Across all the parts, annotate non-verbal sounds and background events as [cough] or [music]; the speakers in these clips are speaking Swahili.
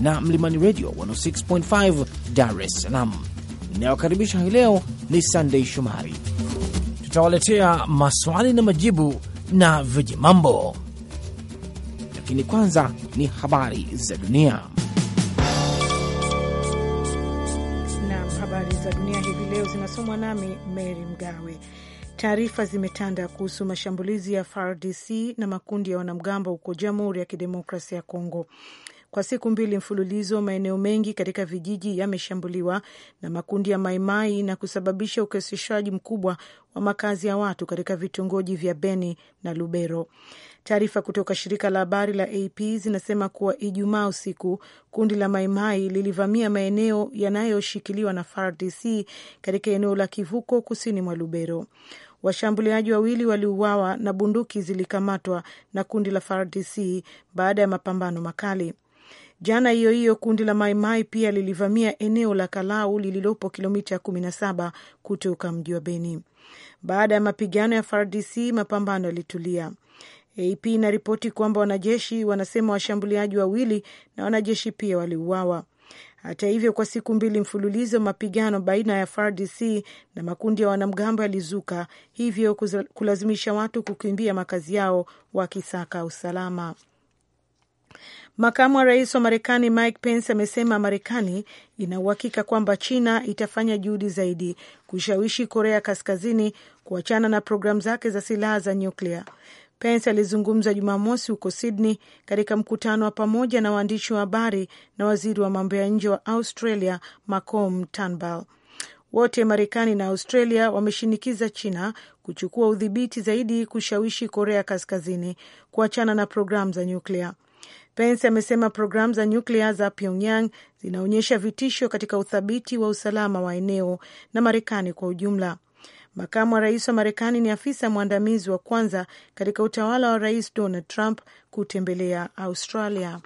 na Mlimani Radio 106.5 Dar es Salaam. Inayokaribisha hii leo ni Sandei Shomari. Tutawaletea maswali na majibu na vijimambo, lakini kwanza ni habari za dunia. Naam, habari za dunia hivi leo zinasomwa nami Mary Mgawe. Taarifa zimetanda kuhusu mashambulizi ya FARDC na makundi ya wanamgambo huko Jamhuri ya Kidemokrasia ya Kongo. Kwa siku mbili mfululizo, maeneo mengi katika vijiji yameshambuliwa na makundi ya Maimai na kusababisha ukoseshaji mkubwa wa makazi ya watu katika vitongoji vya Beni na Lubero. Taarifa kutoka shirika la habari la AP zinasema kuwa Ijumaa usiku kundi la Maimai lilivamia maeneo yanayoshikiliwa na FARDC katika eneo la Kivuko, kusini mwa Lubero. Washambuliaji wawili waliuawa na bunduki zilikamatwa na kundi la FARDC baada ya mapambano makali. Jana hiyo hiyo kundi la Maimai pia lilivamia eneo la Kalau lililopo kilomita 17 kutoka mji wa Beni. Baada ya mapigano ya FARDC mapambano yalitulia. AP inaripoti kwamba wanajeshi wanasema washambuliaji wawili na wanajeshi pia waliuawa. Hata hivyo, kwa siku mbili mfululizo mapigano baina ya FARDC na makundi ya wanamgambo yalizuka, hivyo kulazimisha watu kukimbia makazi yao wakisaka usalama. Makamu wa rais wa Marekani Mike Pence amesema Marekani ina uhakika kwamba China itafanya juhudi zaidi kushawishi Korea Kaskazini kuachana na programu zake za silaha za nyuklia. Pence alizungumza Jumamosi huko Sydney katika mkutano wa pamoja na waandishi wa habari na waziri wa mambo ya nje wa Australia Malcolm Turnbull. Wote Marekani na Australia wameshinikiza China kuchukua udhibiti zaidi kushawishi Korea Kaskazini kuachana na programu za nyuklia. Pence amesema programu za nyuklia za Pyongyang zinaonyesha vitisho katika uthabiti wa usalama wa eneo na Marekani kwa ujumla. Makamu wa rais wa Marekani ni afisa mwandamizi wa kwanza katika utawala wa Rais Donald Trump kutembelea Australia.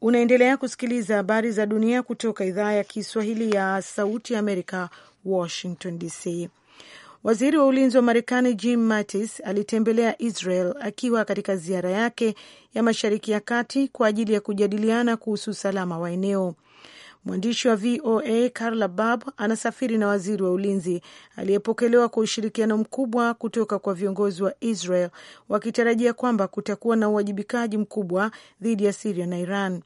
Unaendelea kusikiliza habari za dunia kutoka idhaa ya Kiswahili ya Sauti ya Amerika, Washington DC. Waziri wa ulinzi wa Marekani Jim Mattis alitembelea Israel akiwa katika ziara yake ya Mashariki ya Kati kwa ajili ya kujadiliana kuhusu usalama wa eneo. Mwandishi wa VOA Carla bab anasafiri na waziri wa ulinzi aliyepokelewa kwa ushirikiano mkubwa kutoka kwa viongozi wa Israel wakitarajia kwamba kutakuwa na uwajibikaji mkubwa dhidi ya Siria na Iran.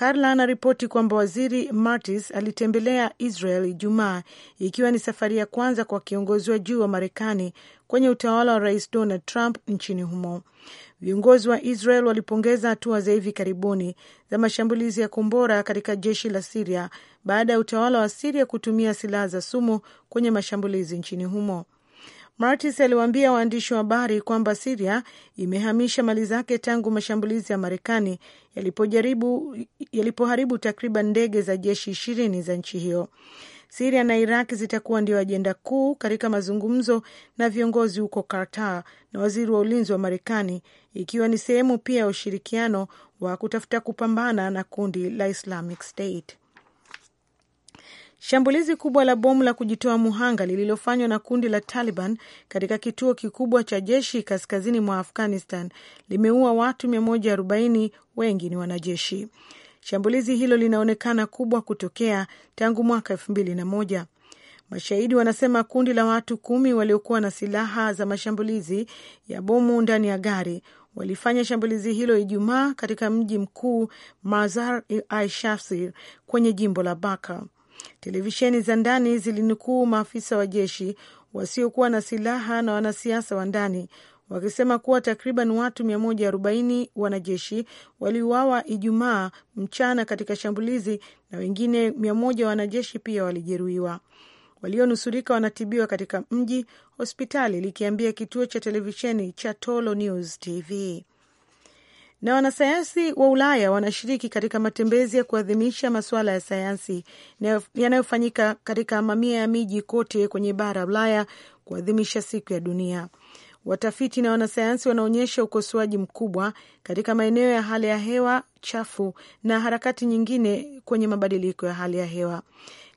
Karla anaripoti kwamba waziri Mattis alitembelea Israel Ijumaa, ikiwa ni safari ya kwanza kwa kiongozi wa juu wa Marekani kwenye utawala wa Rais Donald Trump nchini humo. Viongozi wa Israel walipongeza hatua za hivi karibuni za mashambulizi ya kombora katika jeshi la Siria baada ya utawala wa Siria kutumia silaha za sumu kwenye mashambulizi nchini humo martis aliwaambia waandishi wa habari kwamba Siria imehamisha mali zake tangu mashambulizi ya Marekani yalipojaribu yalipoharibu takriban ndege za jeshi ishirini za nchi hiyo. Siria na Iraq zitakuwa ndio ajenda kuu katika mazungumzo na viongozi huko Qatar na waziri wa ulinzi wa Marekani, ikiwa ni sehemu pia ya ushirikiano wa kutafuta kupambana na kundi la Islamic State. Shambulizi kubwa la bomu la kujitoa muhanga lililofanywa na kundi la Taliban katika kituo kikubwa cha jeshi kaskazini mwa Afghanistan limeua watu 140, wengi ni wanajeshi. Shambulizi hilo linaonekana kubwa kutokea tangu mwaka 2001. Mashahidi wanasema kundi la watu kumi waliokuwa na silaha za mashambulizi ya bomu ndani ya gari walifanya shambulizi hilo Ijumaa katika mji mkuu Mazar-i kwenye jimbo la Baka. Televisheni za ndani zilinukuu maafisa wa jeshi wasiokuwa na silaha na wanasiasa wa ndani wakisema kuwa takriban watu 140 wanajeshi waliuawa Ijumaa mchana katika shambulizi na wengine 100 wanajeshi pia walijeruhiwa. Walionusurika wanatibiwa katika mji, hospitali likiambia kituo cha televisheni cha Tolo News TV na wanasayansi wa Ulaya wanashiriki katika matembezi ya kuadhimisha masuala ya sayansi yanayofanyika katika mamia ya miji kote kwenye bara Ulaya kuadhimisha siku ya dunia. Watafiti na wanasayansi wanaonyesha ukosoaji mkubwa katika maeneo ya hali ya hewa chafu na harakati nyingine kwenye mabadiliko ya hali ya hewa.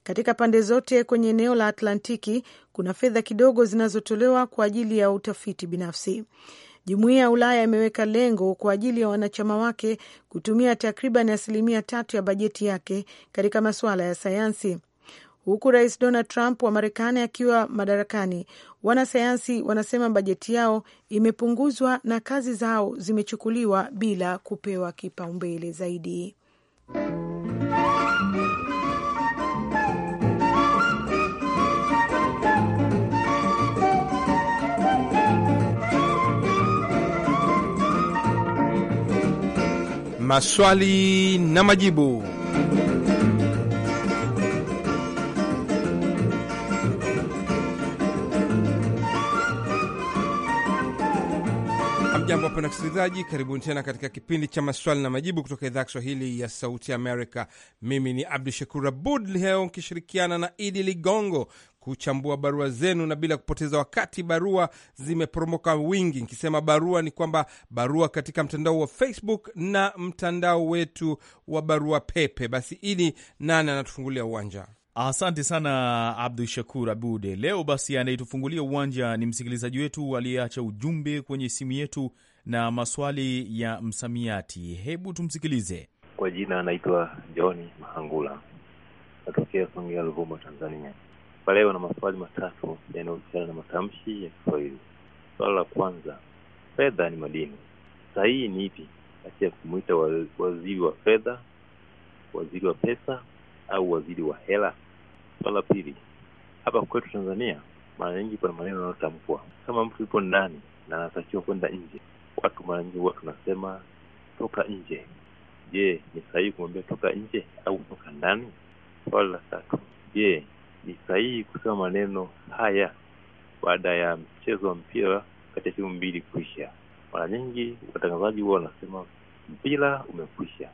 Katika pande zote kwenye eneo la Atlantiki kuna fedha kidogo zinazotolewa kwa ajili ya utafiti binafsi. Jumuiya ya Ulaya imeweka lengo kwa ajili ya wanachama wake kutumia takriban asilimia tatu ya bajeti yake katika masuala ya sayansi. Huku Rais Donald Trump wa Marekani akiwa madarakani, wanasayansi wanasema bajeti yao imepunguzwa na kazi zao zimechukuliwa bila kupewa kipaumbele zaidi. maswali na majibu. Jambo, wapenda wasikilizaji, karibuni tena katika kipindi cha maswali na majibu kutoka idhaa ya Kiswahili ya Sauti ya Amerika. Mimi ni Abdu Shakur Abud, leo nkishirikiana na Idi Ligongo kuchambua barua zenu, na bila kupoteza wakati, barua zimeporomoka wingi. Nikisema barua ni kwamba barua katika mtandao wa Facebook na mtandao wetu wa barua pepe. Basi Idi, nani anatufungulia uwanja? Asante sana Abdu Shakur Abude. Leo basi, anayetufungulia uwanja ni msikilizaji wetu aliyeacha ujumbe kwenye simu yetu na maswali ya msamiati. Hebu tumsikilize. Kwa jina anaitwa John Mahangula, natokea Songea, Ruvuma, Tanzania. Kwa leo na maswali matatu yanayohusiana na matamshi ya Kiswahili. Swala la kwanza, fedha ni madini, sahihi ni ipi kati ya kumwita waziri wa fedha, waziri wa pesa au waziri wa hela? Swala la pili, hapa kwetu Tanzania mara nyingi kuna maneno yanayotamkwa. Kama mtu yupo ndani na anatakiwa kwenda nje, watu mara nyingi huwa tunasema toka nje. Je, ni sahihi kumwambia toka nje au toka ndani? swala la tatu, je, ni sahihi kusema maneno haya baada ya mchezo wa mpira kati ya timu mbili kuisha? Mara nyingi watangazaji huwa wanasema mpira umekwisha.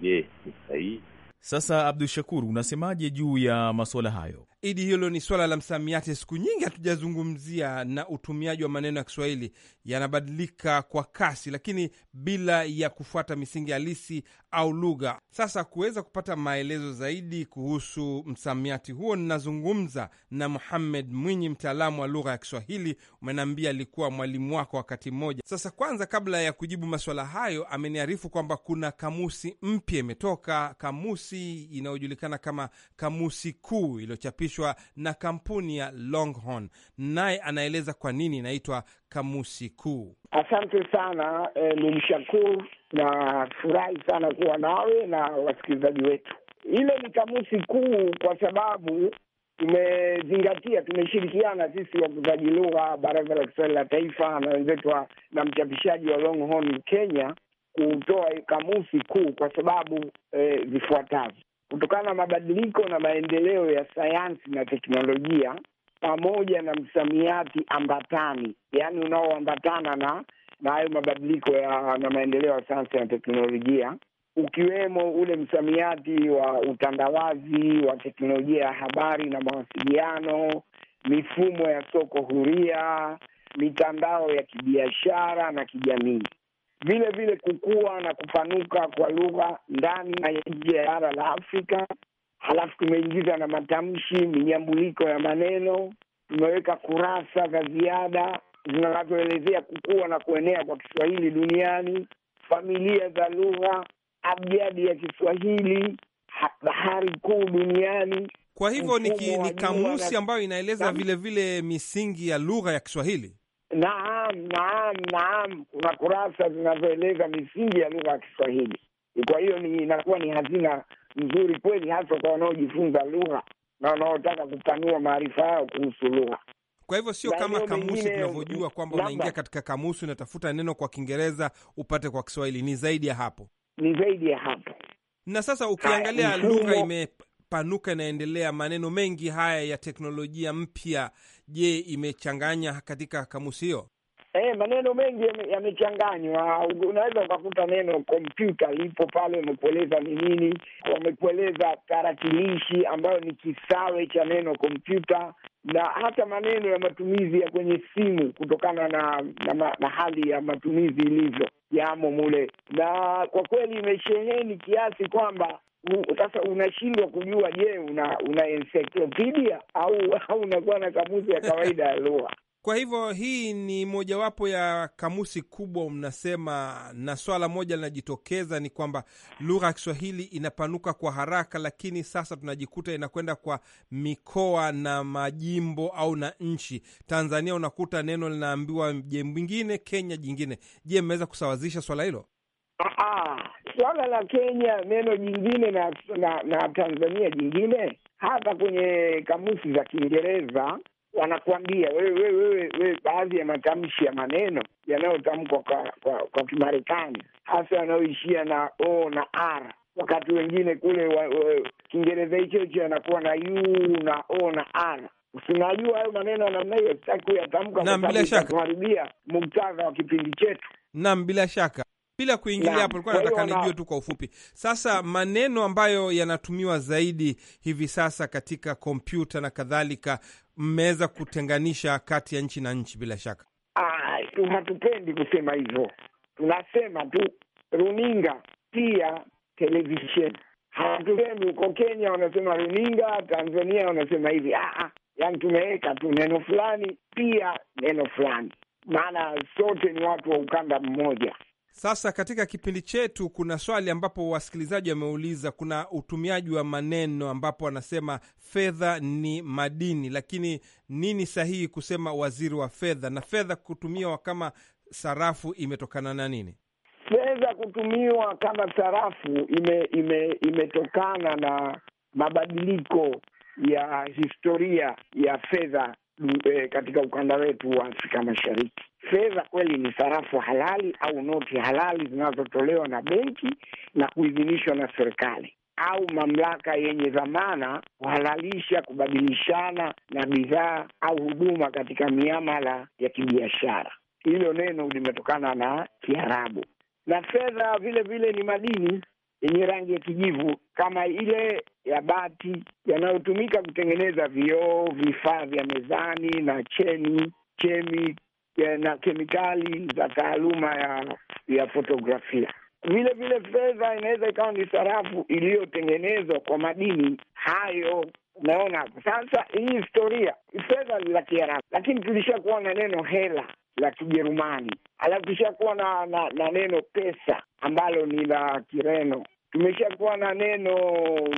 Je, ni sahihi? Sasa Abdu Shakur, unasemaje juu ya masuala hayo? Idi, hilo ni swala la msamiati, siku nyingi hatujazungumzia, na utumiaji wa maneno ya Kiswahili yanabadilika kwa kasi, lakini bila ya kufuata misingi halisi au lugha. Sasa kuweza kupata maelezo zaidi kuhusu msamiati huo, ninazungumza na Muhammed Mwinyi, mtaalamu wa lugha ya Kiswahili. Umeniambia alikuwa mwalimu wako wakati mmoja. Sasa kwanza, kabla ya kujibu maswala hayo, ameniarifu kwamba kuna kamusi mpya imetoka, kamusi inayojulikana kama Kamusi Kuu iliyochapishwa iliyochapishwa na kampuni ya Longhorn, naye anaeleza kwa nini inaitwa kamusi kuu. Asante sana e, eh, Lumshakuru, na furahi sana kuwa nawe na wasikilizaji wetu. Ile ni kamusi kuu kwa sababu tumezingatia tumeshirikiana sisi wakuzaji lugha, Baraza la Kiswahili la Taifa na wenzetu na mchapishaji wa Longhorn Kenya kutoa kamusi kuu kwa sababu e, eh, zifuatazo kutokana na mabadiliko na maendeleo ya sayansi na teknolojia pamoja na msamiati ambatani, yaani unaoambatana na na hayo mabadiliko ya na maendeleo ya sayansi na teknolojia, ukiwemo ule msamiati wa utandawazi wa teknolojia ya habari na mawasiliano, mifumo ya soko huria, mitandao ya kibiashara na kijamii vile vile kukua na kupanuka kwa lugha ndani na nje ya bara la Afrika. Halafu tumeingiza na matamshi, minyambuliko ya maneno, tumeweka kurasa za ziada zinazoelezea kukua na kuenea kwa Kiswahili duniani, familia za lugha, abjadi ya Kiswahili, bahari kuu duniani. Kwa hivyo ni, ni kamusi ambayo inaeleza vilevile vile misingi ya lugha ya Kiswahili. Naam, naam, naam, kuna kurasa zinazoeleza misingi ya lugha ya Kiswahili. Kwa hiyo ni inakuwa ni hazina nzuri kweli, hasa kwa wanaojifunza lugha na wanaotaka kupanua maarifa yao kuhusu lugha. Kwa hivyo sio kama kamusi tunavyojua kwamba unaingia katika kamusi unatafuta neno kwa Kiingereza upate kwa Kiswahili. Ni zaidi ya hapo, ni zaidi ya hapo. Na sasa ukiangalia lugha imepanuka, inaendelea, maneno mengi haya ya teknolojia mpya Je, imechanganya katika kamusi hiyo? E, eh, maneno mengi yamechanganywa. Unaweza ukakuta neno kompyuta lipo pale, wamekueleza ni nini, wamekueleza tarakilishi ambayo ni kisawe cha neno kompyuta, na hata maneno ya matumizi ya kwenye simu kutokana na, na, na hali ya matumizi ilivyo yamo mule, na kwa kweli imesheheni kiasi kwamba sasa unashindwa kujua, je, una una encyclopedia au [laughs] au unakuwa na kamusi ya kawaida ya lugha? [laughs] Kwa hivyo hii ni mojawapo ya kamusi kubwa mnasema, na swala moja linajitokeza ni kwamba lugha ya Kiswahili inapanuka kwa haraka, lakini sasa tunajikuta inakwenda kwa mikoa na majimbo au na nchi. Tanzania unakuta neno linaambiwa je mwingine, Kenya jingine. Je, mmeweza kusawazisha swala hilo? Ah, ah. Swala la Kenya neno jingine na, na na Tanzania jingine, hata kwenye kamusi za Kiingereza wanakuambia wewe baadhi ya matamshi ya maneno yanayotamkwa kwa, kwa, kwa Kimarekani hasa yanayoishia na o na r, wakati wengine kule Kiingereza hicho hicho yanakuwa na u na o na r. Usinajua hayo maneno ya namna hiyo sitaki kuyatamka kuharibia muktadha wa kipindi chetu. Naam, bila shaka. Bila kuingilia hapo, nilikuwa nataka nijue tu kwa ufupi sasa maneno ambayo yanatumiwa zaidi hivi sasa katika kompyuta na kadhalika, mmeweza kutenganisha kati ya nchi na nchi? Bila shaka ah, hatupendi kusema hivyo, tunasema tu runinga, pia televisheni. Hatusemi huko Kenya wanasema runinga, Tanzania wanasema hivi. Ah, ah, yani tumeweka tu neno fulani, pia neno fulani, maana sote ni watu wa ukanda mmoja. Sasa katika kipindi chetu kuna swali ambapo wasikilizaji wameuliza, kuna utumiaji wa maneno ambapo wanasema fedha ni madini, lakini nini sahihi kusema waziri wa fedha, na fedha kutumiwa kama sarafu imetokana na nini? Fedha kutumiwa kama sarafu ime, ime, imetokana na mabadiliko ya historia ya fedha eh, katika ukanda wetu wa Afrika Mashariki fedha kweli ni sarafu halali au noti halali zinazotolewa na benki na kuidhinishwa na serikali au mamlaka yenye dhamana kuhalalisha kubadilishana na bidhaa au huduma katika miamala ya kibiashara. Hilo neno limetokana na Kiarabu. Na fedha vile vile ni madini yenye rangi ya kijivu kama ile ya bati, yanayotumika kutengeneza vioo, vifaa vya mezani na cheni, chemi, na kemikali za taaluma ya ya fotografia. Vile vile fedha inaweza ikawa ni sarafu iliyotengenezwa kwa madini hayo. Umeona sasa, hii historia fedha ni la Kiarabu, lakini tulishakuwa na neno hela la Kijerumani, alafu tulishakuwa na, na, na neno pesa ambalo ni la Kireno tumeshakuwa na neno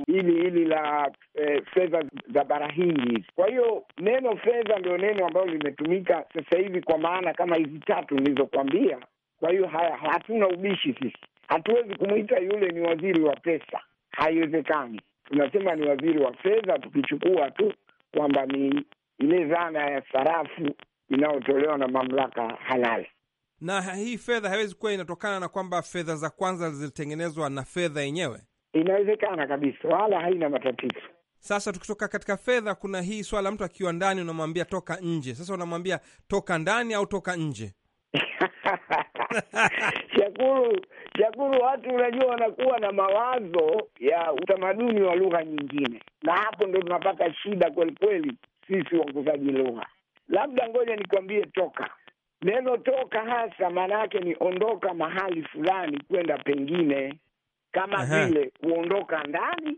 hili hili la eh, fedha za barahingi. Kwa hiyo neno fedha ndio neno ambalo limetumika sasa hivi kwa maana kama hizi tatu nilizokuambia Kwa hiyo haya, hatuna ubishi sisi, hatuwezi kumwita yule ni waziri wa pesa, haiwezekani. Tunasema ni waziri wa fedha, tukichukua tu kwamba ni ile dhana ya sarafu inayotolewa na mamlaka halali na hii fedha haiwezi kuwa inatokana na kwamba fedha za kwanza zilitengenezwa na fedha yenyewe. Inawezekana kabisa, wala haina matatizo. Sasa tukitoka katika fedha, kuna hii swala, mtu akiwa ndani unamwambia toka nje. Sasa unamwambia toka ndani au toka nje? [laughs] Shakuru, Shakuru, watu unajua wanakuwa na mawazo ya utamaduni wa lugha nyingine, na hapo ndo tunapata shida kwelikweli sisi wakuzaji lugha. Labda ngoja nikwambie toka Neno toka hasa maana yake ni ondoka mahali fulani kwenda pengine, kama vile kuondoka ndani.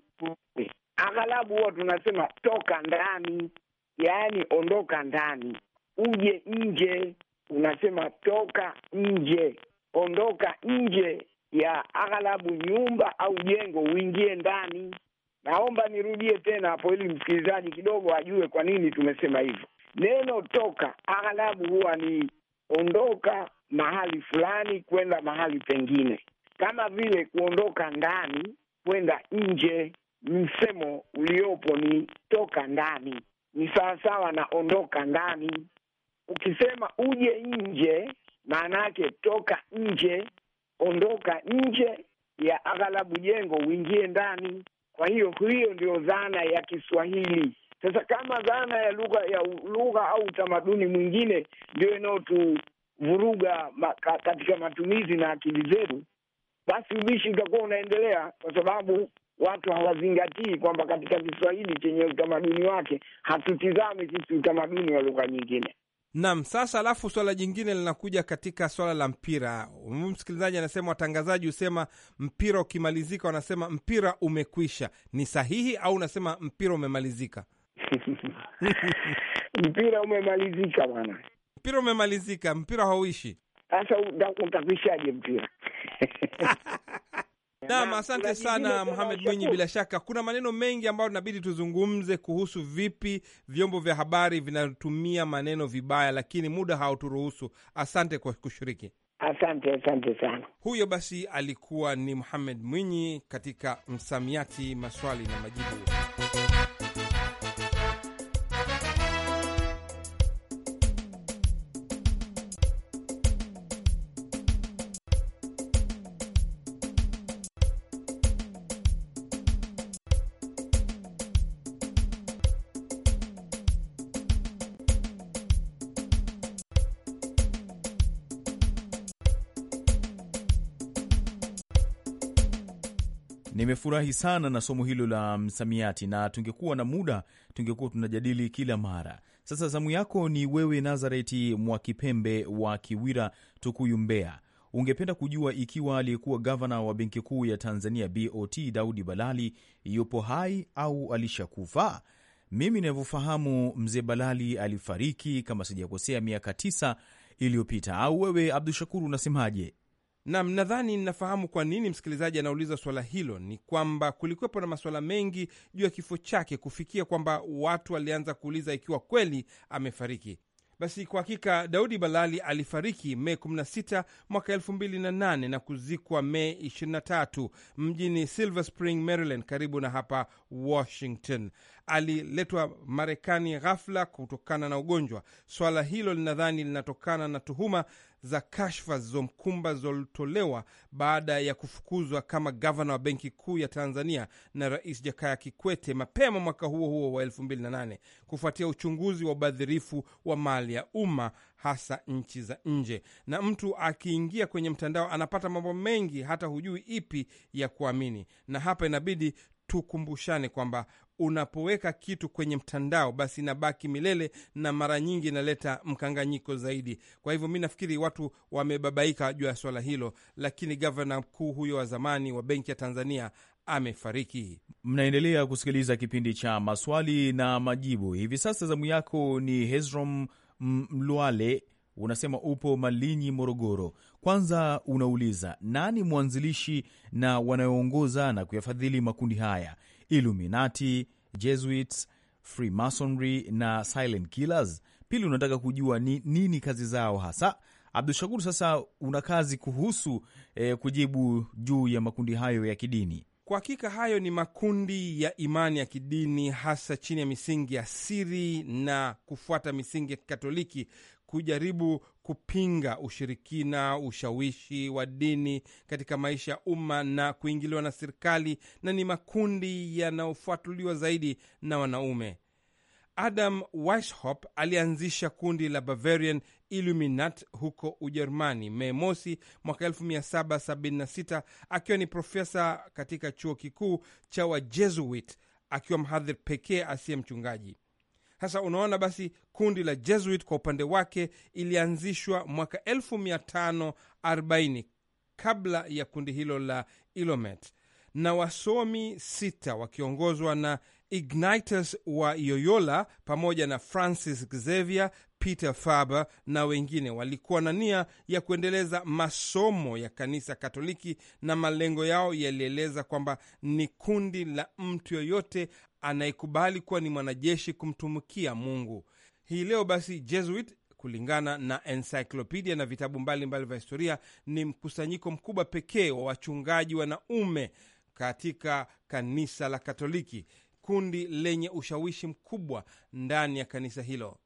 Aghalabu huwa tunasema toka ndani, yaani ondoka ndani uje nje. Unasema toka nje, ondoka nje ya aghalabu nyumba au jengo, uingie ndani. Naomba nirudie tena hapo, ili msikilizaji kidogo ajue kwa nini tumesema hivyo. Neno toka aghalabu huwa ni ondoka mahali fulani kwenda mahali pengine, kama vile kuondoka ndani kwenda nje. Msemo uliopo ni toka ndani, ni sawasawa na ondoka ndani. Ukisema uje nje, maana yake toka nje, ondoka nje ya aghalabu jengo uingie ndani. Kwa hiyo hiyo ndio dhana ya Kiswahili sasa kama dhana ya lugha ya lugha au utamaduni mwingine ndio inayotuvuruga ma, katika matumizi na akili zetu, basi ubishi utakuwa unaendelea, kwa sababu watu hawazingatii kwamba katika Kiswahili chenye utamaduni wake hatutizami sisi utamaduni wa lugha nyingine. Naam. Sasa alafu swala jingine linakuja katika swala la mpira. Msikilizaji anasema watangazaji husema mpira ukimalizika, wanasema mpira umekwisha. Ni sahihi au unasema mpira umemalizika? [laughs] mpira umemalizika bwana, mpira umemalizika, mpira hauishi. Sasa utapishaje mpira? [laughs] Naam, asante sana Mohamed Mwinyi. Bila shaka kuna maneno mengi ambayo inabidi tuzungumze kuhusu vipi vyombo vya habari vinatumia maneno vibaya, lakini muda hauturuhusu. Asante kwa kushiriki. Asante, asante sana. Huyo basi alikuwa ni muhamed Mwinyi katika msamiati maswali na majibu. Nimefurahi sana na somo hilo la msamiati, na tungekuwa na muda tungekuwa tunajadili kila mara. Sasa zamu yako ni wewe, Nazareti mwa Kipembe wa Kiwira, Tukuyu, mbea Ungependa kujua ikiwa aliyekuwa gavana wa Benki Kuu ya Tanzania BOT Daudi Balali yupo hai au alishakufa. Mimi inavyofahamu mzee Balali alifariki kama sijakosea miaka tisa iliyopita, au wewe Abdu Shakuru unasemaje? Nam, nadhani ninafahamu kwa nini msikilizaji anauliza swala hilo. Ni kwamba kulikuwepo na maswala mengi juu ya kifo chake kufikia kwamba watu walianza kuuliza ikiwa kweli amefariki. Basi kwa hakika Daudi Balali alifariki Mei 16 mwaka 2008 na kuzikwa Mei 23 mjini Silver Spring, Maryland, karibu na hapa Washington. Aliletwa Marekani ghafla kutokana na ugonjwa. Swala hilo linadhani linatokana na tuhuma za kashfa zilizomkumba zilizotolewa baada ya kufukuzwa kama gavana wa Benki Kuu ya Tanzania na Rais Jakaya Kikwete mapema mwaka huo huo wa 2008 kufuatia uchunguzi wa ubadhirifu wa mali ya umma hasa nchi za nje. Na mtu akiingia kwenye mtandao anapata mambo mengi, hata hujui ipi ya kuamini. Na hapa inabidi tukumbushane kwamba unapoweka kitu kwenye mtandao basi inabaki milele na mara nyingi inaleta mkanganyiko zaidi. Kwa hivyo mi nafikiri watu wamebabaika juu ya swala hilo, lakini gavana mkuu huyo wa zamani wa benki ya Tanzania amefariki. Mnaendelea kusikiliza kipindi cha maswali na majibu. Hivi sasa zamu yako ni Hezrom Mlwale, unasema upo Malinyi, Morogoro. Kwanza unauliza nani mwanzilishi na wanayoongoza na kuyafadhili makundi haya Illuminati, Jesuits, Freemasonry na Silent Killers. Pili, unataka kujua ni nini kazi zao hasa. Abdu Shakur, sasa una kazi kuhusu eh, kujibu juu ya makundi hayo ya kidini. Kwa hakika hayo ni makundi ya imani ya kidini, hasa chini ya misingi ya siri na kufuata misingi ya Kikatoliki, kujaribu kupinga ushirikina, ushawishi wa dini katika maisha ya umma na kuingiliwa na serikali, na ni makundi yanayofuatuliwa zaidi na wanaume. Adam Weishaupt alianzisha kundi la Bavarian Illuminat huko Ujerumani Mei mosi mwaka 1776 akiwa ni profesa katika chuo kikuu cha Wajesuit akiwa mhadhiri pekee asiye mchungaji. Sasa unaona, basi kundi la Jesuit kwa upande wake ilianzishwa mwaka 1540 kabla ya kundi hilo la Ilomet na wasomi sita wakiongozwa na Ignatius wa yoyola pamoja na Francis Xavier, Peter Faber na wengine walikuwa na nia ya kuendeleza masomo ya kanisa Katoliki, na malengo yao yalieleza kwamba ni kundi la mtu yoyote anayekubali kuwa ni mwanajeshi kumtumikia Mungu. Hii leo basi, Jesuit kulingana na encyclopedia na vitabu mbalimbali vya historia ni mkusanyiko mkubwa pekee wa wachungaji wanaume katika kanisa la Katoliki, kundi lenye ushawishi mkubwa ndani ya kanisa hilo.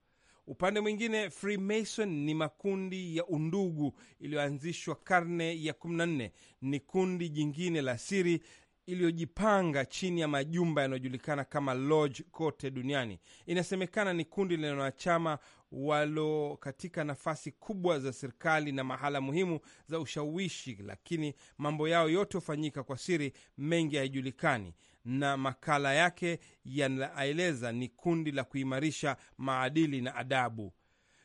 Upande mwingine, Freemason ni makundi ya undugu iliyoanzishwa karne ya 14. Ni kundi jingine la siri iliyojipanga chini ya majumba yanayojulikana kama lodge kote duniani. Inasemekana ni kundi lenye wanachama walo katika nafasi kubwa za serikali na mahala muhimu za ushawishi, lakini mambo yao yote hufanyika kwa siri, mengi hayajulikani. Na makala yake yanaeleza ni kundi la kuimarisha maadili na adabu.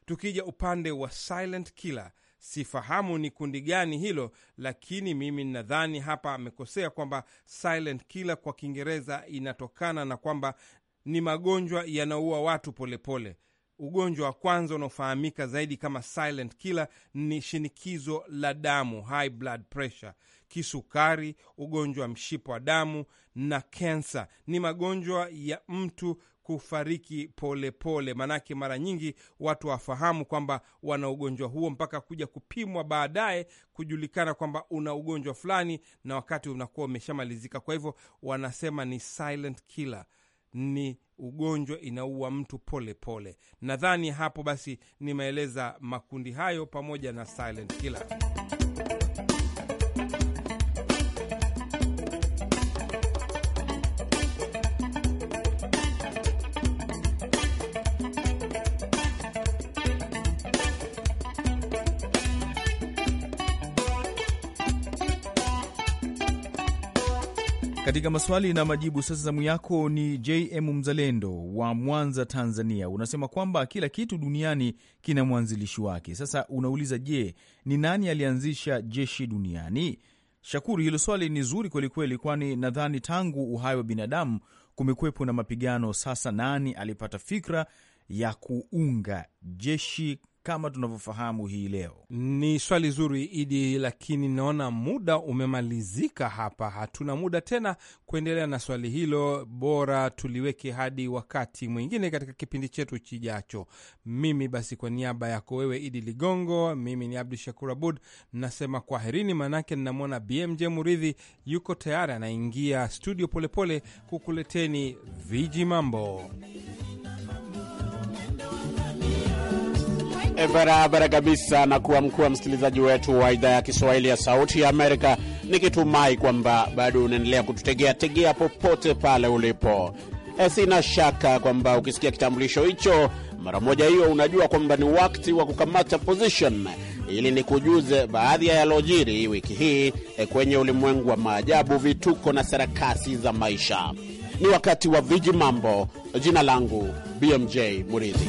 Tukija upande wa silent killer Sifahamu ni kundi gani hilo, lakini mimi nadhani hapa amekosea kwamba silent killer kwa Kiingereza inatokana na kwamba ni magonjwa yanaua watu polepole pole. Ugonjwa wa kwanza unaofahamika zaidi kama silent killer ni shinikizo la damu, high blood pressure, kisukari, ugonjwa wa mshipo wa damu na kansa. Ni magonjwa ya mtu kufariki polepole, maanake mara nyingi watu wafahamu kwamba wana ugonjwa huo mpaka kuja kupimwa baadaye kujulikana kwamba una ugonjwa fulani, na wakati unakuwa umeshamalizika. Kwa hivyo wanasema ni silent killer ni ugonjwa inaua mtu polepole. Nadhani hapo basi nimeeleza makundi hayo pamoja na silent killer. Katika maswali na majibu, sasa zamu yako ni JM Mzalendo wa Mwanza, Tanzania. Unasema kwamba kila kitu duniani kina mwanzilishi wake. Sasa unauliza, je, ni nani alianzisha jeshi duniani? Shakuri, hilo swali ni zuri kwelikweli, kwani nadhani tangu uhai wa binadamu kumekwepo na mapigano. Sasa nani alipata fikra ya kuunga jeshi kama tunavyofahamu hii leo? Ni swali zuri Idi, lakini naona muda umemalizika hapa. Hatuna muda tena kuendelea na swali hilo, bora tuliweke hadi wakati mwingine katika kipindi chetu kijacho. Mimi basi, kwa niaba yako wewe Idi Ligongo, mimi ni Abdu Shakur Abud nasema kwaherini, maanake ninamwona BMJ Muridhi yuko tayari, anaingia studio polepole kukuleteni viji mambo. Eh, barabara kabisa na kuwa mkuu wa msikilizaji wetu wa idhaa ya Kiswahili ya Sauti ya Amerika, nikitumai kwamba bado unaendelea kututegea tegea popote pale ulipo. E, sina shaka kwamba ukisikia kitambulisho hicho mara moja hiyo unajua kwamba ni wakati wa kukamata position ili nikujuze baadhi ya yalojiri wiki hii eh, kwenye ulimwengu wa maajabu, vituko na sarakasi za maisha. Ni wakati wa viji mambo. Jina langu BMJ Muridhi.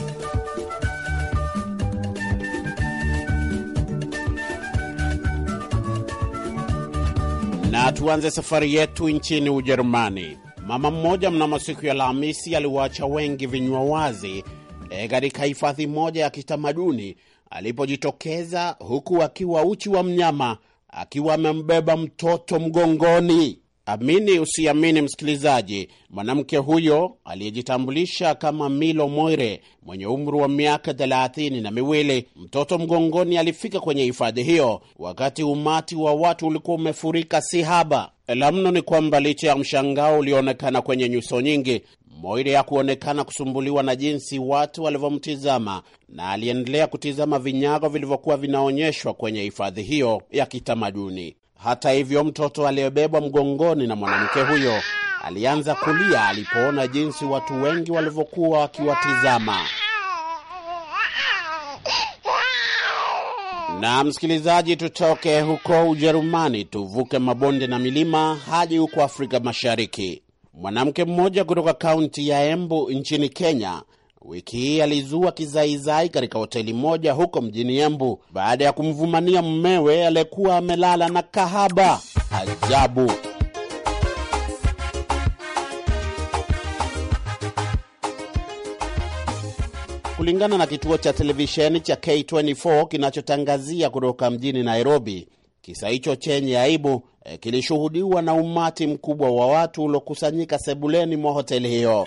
tuanze safari yetu nchini Ujerumani. Mama mmoja mnamo siku ya Alhamisi aliwaacha wengi vinywa wazi e, katika e, hifadhi moja ya kitamaduni alipojitokeza, huku akiwa uchi wa mnyama, akiwa amembeba mtoto mgongoni. Amini usiamini, msikilizaji, mwanamke huyo aliyejitambulisha kama Milo Moire mwenye umri wa miaka thelathini na miwili, mtoto mgongoni, alifika kwenye hifadhi hiyo wakati umati wa watu ulikuwa umefurika si haba. La mno ni kwamba licha ya mshangao ulioonekana kwenye nyuso nyingi, Moire hakuonekana kusumbuliwa na jinsi watu walivyomtizama, na aliendelea kutizama vinyago vilivyokuwa vinaonyeshwa kwenye hifadhi hiyo ya kitamaduni. Hata hivyo, mtoto aliyebebwa mgongoni na mwanamke huyo alianza kulia alipoona jinsi watu wengi walivyokuwa wakiwatizama. Na msikilizaji, tutoke huko Ujerumani tuvuke mabonde na milima hadi huko Afrika Mashariki. Mwanamke mmoja kutoka kaunti ya Embu nchini Kenya wiki hii alizua kizaizai katika hoteli moja huko mjini Embu baada ya kumvumania mmewe aliyekuwa amelala na kahaba. Ajabu! Kulingana na kituo cha televisheni cha K24 kinachotangazia kutoka mjini Nairobi, kisa hicho chenye aibu e, kilishuhudiwa na umati mkubwa wa watu uliokusanyika sebuleni mwa hoteli hiyo.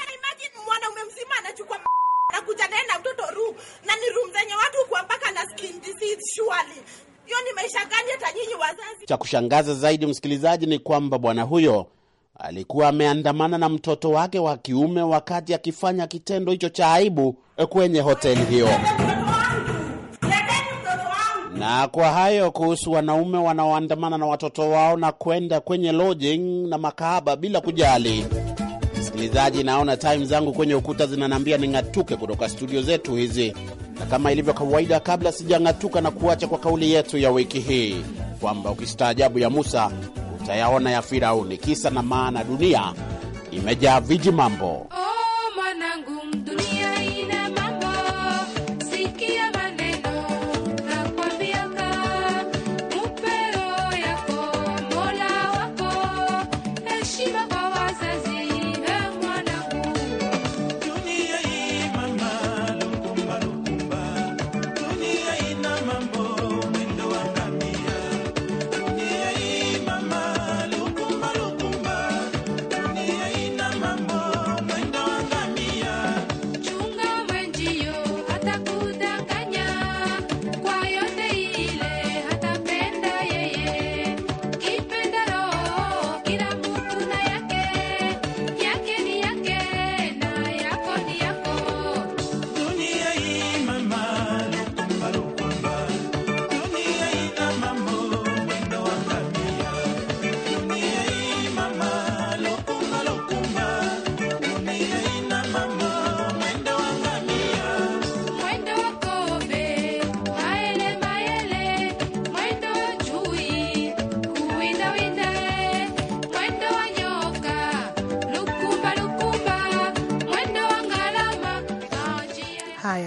surely hiyo ni maisha gani hata nyinyi wazazi? Cha kushangaza zaidi, msikilizaji, ni kwamba bwana huyo alikuwa ameandamana na mtoto wake wa kiume wakati akifanya kitendo hicho cha aibu kwenye hoteli hiyo. Na kwa hayo kuhusu wanaume wanaoandamana na watoto wao na kwenda kwenye lodging na makahaba bila kujali. Msikilizaji, naona time zangu kwenye ukuta zinaniambia ning'atuke kutoka studio zetu hizi na kama ilivyo kawaida, kabla sijang'atuka na kuacha kwa kauli yetu ya wiki hii kwamba ukistaajabu ya Musa utayaona ya Firauni. Kisa na maana, dunia imejaa viji mambo. Oh, manangu, dunia.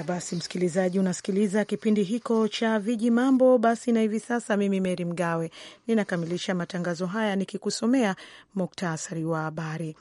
basi msikilizaji, unasikiliza kipindi hiko cha viji mambo. Basi na hivi sasa, mimi Meri Mgawe ninakamilisha matangazo haya nikikusomea muktasari wa habari.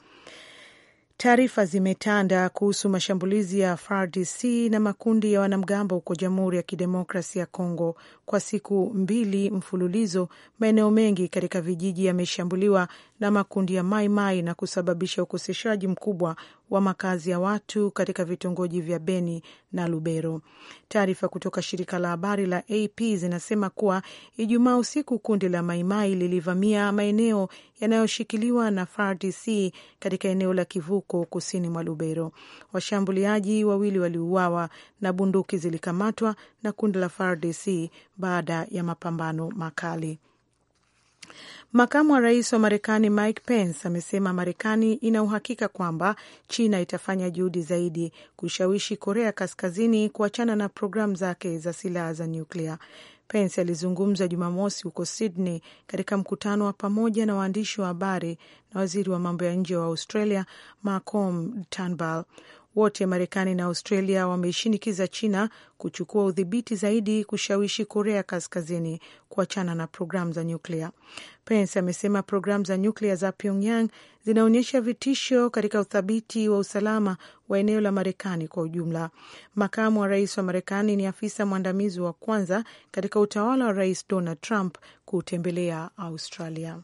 Taarifa zimetanda kuhusu mashambulizi ya FARDC na makundi ya wanamgambo huko Jamhuri ya Kidemokrasi ya congo Kwa siku mbili mfululizo, maeneo mengi katika vijiji yameshambuliwa na makundi ya Maimai na kusababisha ukoseshaji mkubwa wa makazi ya watu katika vitongoji vya Beni na Lubero. Taarifa kutoka shirika la habari la AP zinasema kuwa Ijumaa usiku kundi la Maimai lilivamia maeneo yanayoshikiliwa na FARDC katika eneo la Kivuko, kusini mwa Lubero. Washambuliaji wawili waliuawa na bunduki zilikamatwa na kundi la FARDC baada ya mapambano makali. Makamu wa rais wa Marekani Mike Pence amesema Marekani ina uhakika kwamba China itafanya juhudi zaidi kushawishi Korea Kaskazini kuachana na programu zake za silaha za nyuklia. Pence alizungumza Jumamosi huko Sydney katika mkutano wa pamoja na waandishi wa habari na waziri wa mambo ya nje wa Australia Malcolm Turnbull wote Marekani na Australia wameishinikiza China kuchukua udhibiti zaidi, kushawishi Korea Kaskazini kuachana na programu za nyuklia. Pence amesema programu za nyuklia za Pyongyang zinaonyesha vitisho katika uthabiti wa usalama wa eneo la Marekani kwa ujumla. Makamu wa rais wa Marekani ni afisa mwandamizi wa kwanza katika utawala wa Rais Donald Trump kutembelea Australia.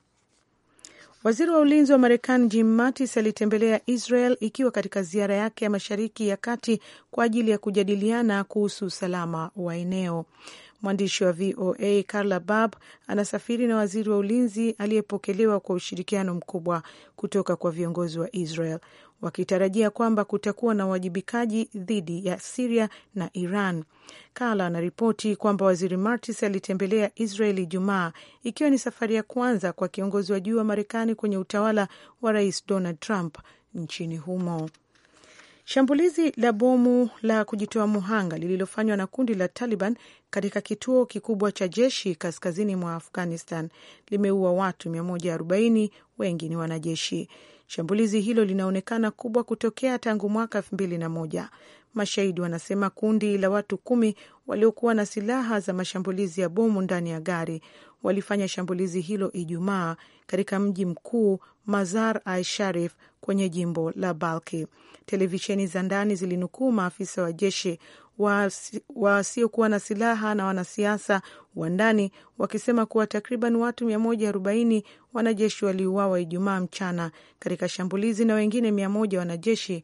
Waziri wa ulinzi wa Marekani Jim Mattis alitembelea Israel ikiwa katika ziara yake ya Mashariki ya Kati kwa ajili ya kujadiliana kuhusu usalama wa eneo. Mwandishi wa VOA Carla Bab anasafiri na waziri wa ulinzi aliyepokelewa kwa ushirikiano mkubwa kutoka kwa viongozi wa Israel wakitarajia kwamba kutakuwa na uwajibikaji dhidi ya Siria na Iran. Kala anaripoti kwamba waziri Mattis alitembelea Israel Ijumaa, ikiwa ni safari ya kwanza kwa kiongozi wa juu wa Marekani kwenye utawala wa Rais Donald Trump nchini humo. Shambulizi la bomu la kujitoa muhanga lililofanywa na kundi la Taliban katika kituo kikubwa cha jeshi kaskazini mwa Afghanistan limeua watu 140, wengi ni wanajeshi. Shambulizi hilo linaonekana kubwa kutokea tangu mwaka moja Mashahidi wanasema kundi la watu kumi waliokuwa na silaha za mashambulizi ya bomu ndani ya gari walifanya shambulizi hilo Ijumaa katika mji mkuu Mazar al Sharif kwenye jimbo la Balki. Televisheni za ndani zilinukuu maafisa wa jeshi wasiokuwa na silaha na wanasiasa wa ndani wakisema kuwa takriban watu 140 wanajeshi waliuawa Ijumaa mchana katika shambulizi na wengine 100 wanajeshi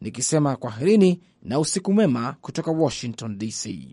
nikisema kwaherini na usiku mwema kutoka Washington DC.